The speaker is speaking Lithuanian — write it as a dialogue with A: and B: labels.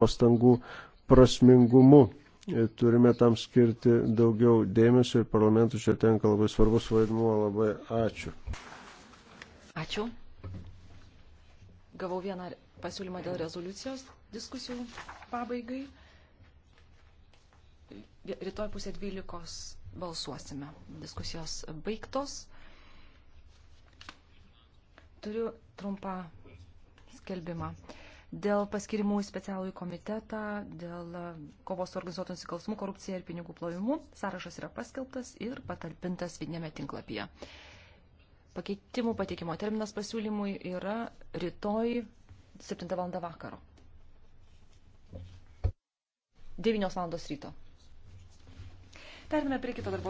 A: pastangų prasmingumu. E, turime tam skirti daugiau dėmesio ir parlamentui čia tenka labai svarbus vaidmuo. Labai ačiū.
B: Ačiū. Gavau vieną pasiūlymą dėl rezoliucijos diskusijų pabaigai. Rytoj pusė 12 balsuosime. Diskusijos baigtos. Turiu trumpą skelbimą dėl paskirimų į specialųjį komitetą, dėl e, kovos su organizuotų nusikalsmų, korupcija ir pinigų plovimu. Sąrašas yra paskelbtas ir patalpintas vidinėme tinklapyje. Pakeitimų pateikimo terminas pasiūlymui yra rytoj 7 val. vakaro. 9 val. ryto. Perėmėme prie kito
C: darbo.